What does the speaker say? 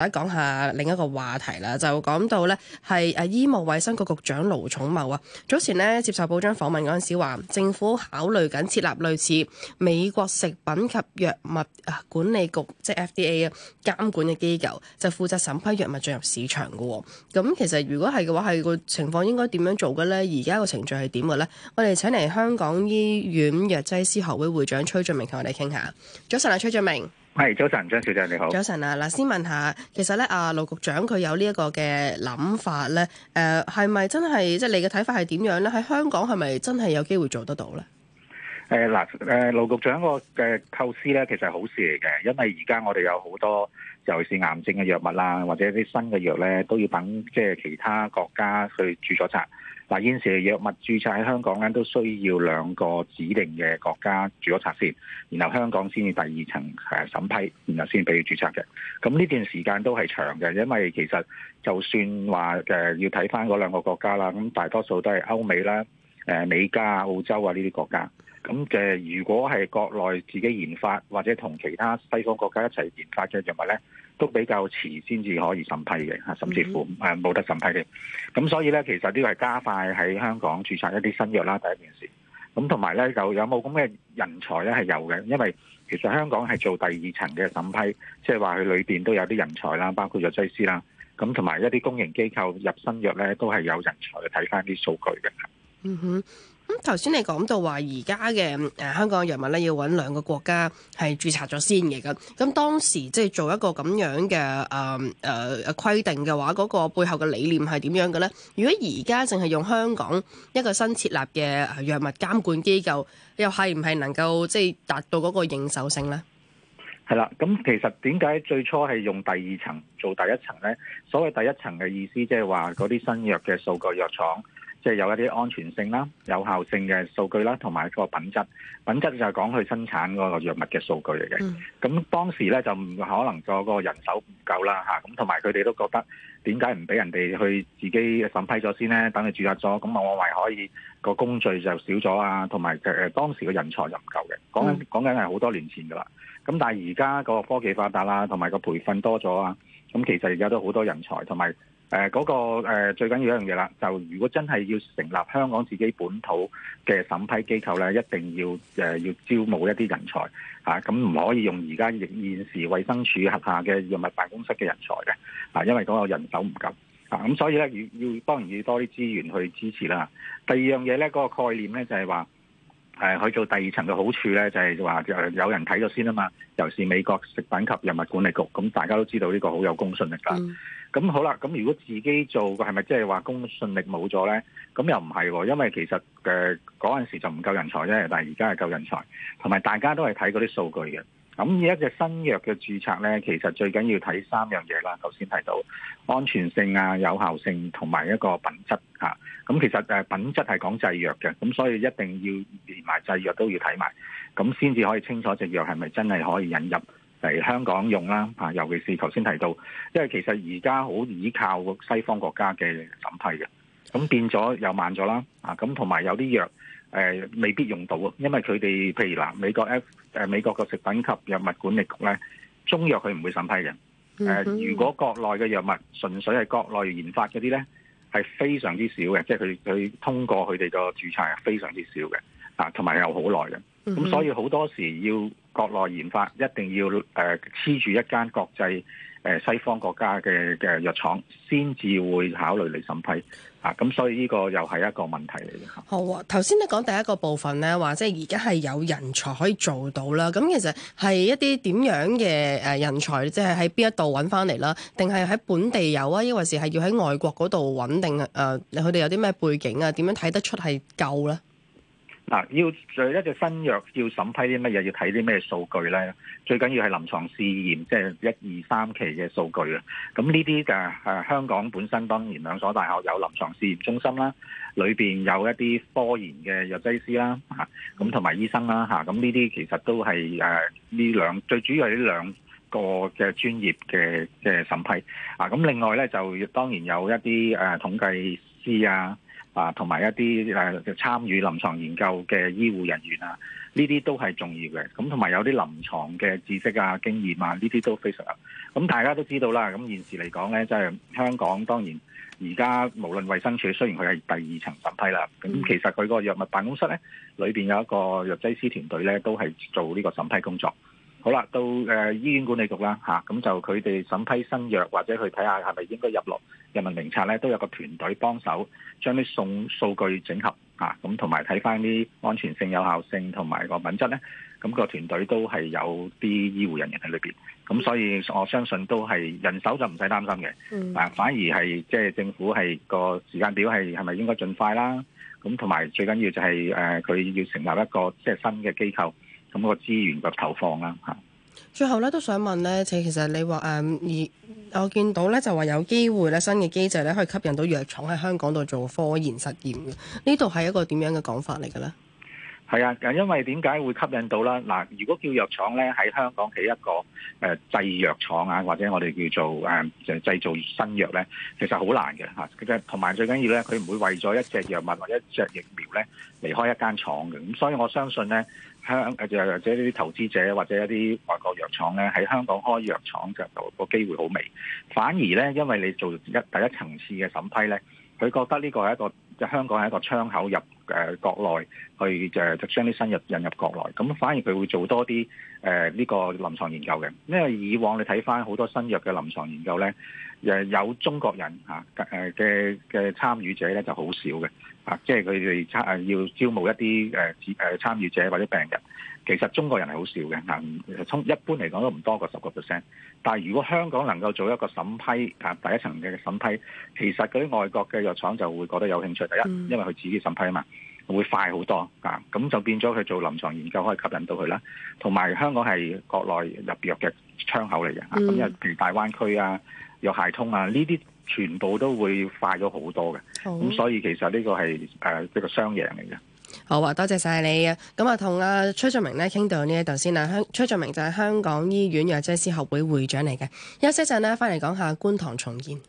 嚟講下另一個話題啦，就講到呢係誒，醫務衛生局局長盧寵茂啊，早前呢，接受報章訪問嗰陣時話，政府考慮緊設立類似美國食品及藥物管理局，即係 FDA 啊，監管嘅機構，就負責審批藥物進入市場嘅。咁其實如果係嘅話，係個情況應該點樣做嘅呢？而家個程序係點嘅呢？我哋請嚟香港醫院藥劑師學會會長崔俊明同我哋傾下。早晨啊，崔俊明。係早晨，張小姐你好。早晨啊，嗱，先問下，其實咧，啊，盧局長佢有呢一個嘅諗法咧，誒，係咪真係，即係你嘅睇法係點樣咧？喺香港係咪真係有機會做得到咧？誒、呃，嗱、呃，誒，盧局長個嘅構思咧，其實好事嚟嘅，因為而家我哋有好多，尤其是癌症嘅藥物啦，或者一啲新嘅藥咧，都要等即係其他國家去注咗冊。嗱，現時嘅藥物註冊喺香港咧，都需要兩個指定嘅國家註咗冊先，然後香港先至第二層誒審批，然後先俾佢註冊嘅。咁呢段時間都係長嘅，因為其實就算話誒要睇翻嗰兩個國家啦，咁大多數都係歐美啦，誒美加、澳洲啊呢啲國家。咁誒，如果係國內自己研發或者同其他西方國家一齊研發嘅藥物咧？都比較遲先至可以審批嘅嚇，甚至乎誒冇得審批嘅。咁所以咧，其實呢個係加快喺香港註冊一啲新藥啦，第一件事。咁同埋咧，有有冇咁嘅人才咧？係有嘅，因為其實香港係做第二層嘅審批，即係話佢裏邊都有啲人才啦，包括藥劑師啦，咁同埋一啲公營機構入新藥咧都係有人才去睇翻啲數據嘅。嗯哼。頭先你講到話而家嘅，誒香港嘅藥物咧要搵兩個國家係註冊咗先嘅咁咁當時即係做一個咁樣嘅誒誒規定嘅話，嗰個背後嘅理念係點樣嘅咧？如果而家淨係用香港一個新設立嘅藥物監管機構，又係唔係能夠即係達到嗰個認受性咧？係啦，咁其實點解最初係用第二層做第一層咧？所謂第一層嘅意思，即係話嗰啲新藥嘅數據藥廠。即係有一啲安全性啦、有效性嘅數據啦，同埋個品質。品質就係講佢生產嗰個藥物嘅數據嚟嘅。咁、嗯、當時咧就唔可能個嗰人手唔夠啦嚇，咁同埋佢哋都覺得點解唔俾人哋去自己審批咗先咧？等佢註冊咗，咁我咪可以、嗰個工序就少咗啊，同埋誒當時嘅人才就唔夠嘅。講緊講緊係好多年前噶啦。咁、啊、但係而家個科技發達啦，同、啊、埋個培訓多咗啊。咁其實而家都好多人才同埋。誒嗰、呃那個、呃、最緊要一樣嘢啦，就如果真係要成立香港自己本土嘅審批機構咧，一定要誒、呃、要招募一啲人才嚇，咁、啊、唔可以用而家現時衛生署轄下嘅藥物辦公室嘅人才嘅，啊，因為嗰個人手唔夠啊，咁所以咧要要當然要多啲資源去支持啦。第二樣嘢咧，嗰、那個概念咧就係、是、話，誒、呃、去做第二層嘅好處咧，就係、是、話有人睇咗先啊嘛。尤其是美國食品及人物管理局，咁大家都知道呢個好有公信力㗎。咁、嗯、好啦，咁如果自己做嘅係咪即係話公信力冇咗咧？咁又唔係喎，因為其實誒嗰陣時就唔夠人才啫，但係而家係夠人才，同埋大家都係睇嗰啲數據嘅。咁而一隻新藥嘅註冊咧，其實最緊要睇三樣嘢啦。頭先提到安全性啊、有效性同埋一個品質嚇。咁、啊、其實誒品質係講製藥嘅，咁所以一定要連埋製藥都要睇埋，咁先至可以清楚隻藥係咪真係可以引入嚟香港用啦嚇、啊。尤其是頭先提到，因為其實而家好倚靠西方國家嘅審批嘅，咁變咗又慢咗啦啊！咁同埋有啲藥。誒、呃、未必用到啊，因為佢哋譬如嗱，美國 F 誒、呃、美國個食品及藥物管理局咧，中藥佢唔會審批嘅。誒、呃，mm hmm. 如果國內嘅藥物純粹係國內研發嗰啲咧，係非常之少嘅，即係佢佢通過佢哋個註冊係非常之少嘅，啊，同埋又好耐嘅。咁、mm hmm. 所以好多時要國內研發，一定要誒黐、呃、住一間國際。誒，西方國家嘅嘅藥廠先至會考慮嚟審批啊，咁所以呢個又係一個問題嚟嘅。好啊，頭先你講第一個部分咧，話即係而家係有人才可以做到啦。咁其實係一啲點樣嘅誒人才，即係喺邊一度揾返嚟啦？定係喺本地有啊？抑或是係要喺外國嗰度揾？定誒佢哋有啲咩背景啊？點樣睇得出係夠咧？啊！要做一隻新藥要審批啲乜嘢？要睇啲咩數據咧？最緊要係臨床試驗，即係一二三期嘅數據啦。咁呢啲嘅誒，香港本身當然兩所大學有臨床試驗中心啦，裏邊有一啲科研嘅藥劑師啦，嚇咁同埋醫生啦，嚇咁呢啲其實都係誒呢兩最主要係呢兩個嘅專業嘅嘅審批。啊！咁另外咧就當然有一啲誒、啊、統計師啊。啊，同埋一啲誒嘅參與臨床研究嘅醫護人員啊，呢啲都係重要嘅。咁同埋有啲臨床嘅知識啊、經驗啊，呢啲都非常。咁大家都知道啦。咁現時嚟講呢，即係香港當然而家無論衛生署，雖然佢係第二層審批啦，咁其實佢個藥物辦公室呢，裏邊有一個藥劑師團隊呢，都係做呢個審批工作。好啦，到誒醫院管理局啦，嚇、啊、咁就佢哋審批新藥或者去睇下係咪應該入落人民名冊咧，都有個團隊幫手將啲送數據整合啊，咁同埋睇翻啲安全性、有效性同埋個品質咧，咁、啊那個團隊都係有啲醫護人員喺裏邊，咁所以我相信都係人手就唔使擔心嘅，嗱、啊、反而係即係政府係個時間表係係咪應該盡快啦，咁同埋最緊要就係誒佢要成立一個即係、就是、新嘅機構。咁個資源嘅投放啦嚇，最後咧都想問咧，其其實你話誒而我見到咧就話有機會咧，新嘅機制咧可以吸引到藥廠喺香港度做科研實驗嘅，呢度係一個點樣嘅講法嚟嘅咧？係啊，因為點解會吸引到啦？嗱，如果叫藥廠咧喺香港起一個誒、呃、製藥廠啊，或者我哋叫做誒就、呃、製造新藥咧，其實好難嘅嚇。佢嘅同埋最緊要咧，佢唔會為咗一隻藥物或者一隻疫苗咧離開一間廠嘅。咁所以我相信咧，香誒就或者啲投資者或者一啲外國藥廠咧喺香港開藥廠就個機會好微。反而咧，因為你做一第一層次嘅審批咧，佢覺得呢個係一個。香港係一個窗口，入誒國內去，就將啲新藥引入國內，咁反而佢會做多啲誒呢個臨床研究嘅，因為以往你睇翻好多新藥嘅臨床研究咧，誒、呃、有中國人嚇誒嘅嘅參與者咧就好少嘅，啊，即係佢哋參誒要招募一啲誒誒參與者或者病人。其實中國人係好少嘅，嗱，通常一般嚟講都唔多過十個 percent。但係如果香港能夠做一個審批啊，第一層嘅審批，其實嗰啲外國嘅藥廠就會覺得有興趣，第一因為佢自己審批啊嘛，會快好多啊，咁就變咗佢做臨床研究可以吸引到佢啦。同埋香港係國內入藥嘅窗口嚟嘅，咁、啊、譬如大灣區啊、藥械通啊呢啲，全部都會快咗好多嘅。咁所以其實呢個係誒一個雙贏嚟嘅。好啊，多謝晒你啊！咁啊，同阿崔俊明咧傾到呢一度先啦。香崔俊明就係香港醫院藥劑師學會會會長嚟嘅，休息陣咧翻嚟講下觀塘重建。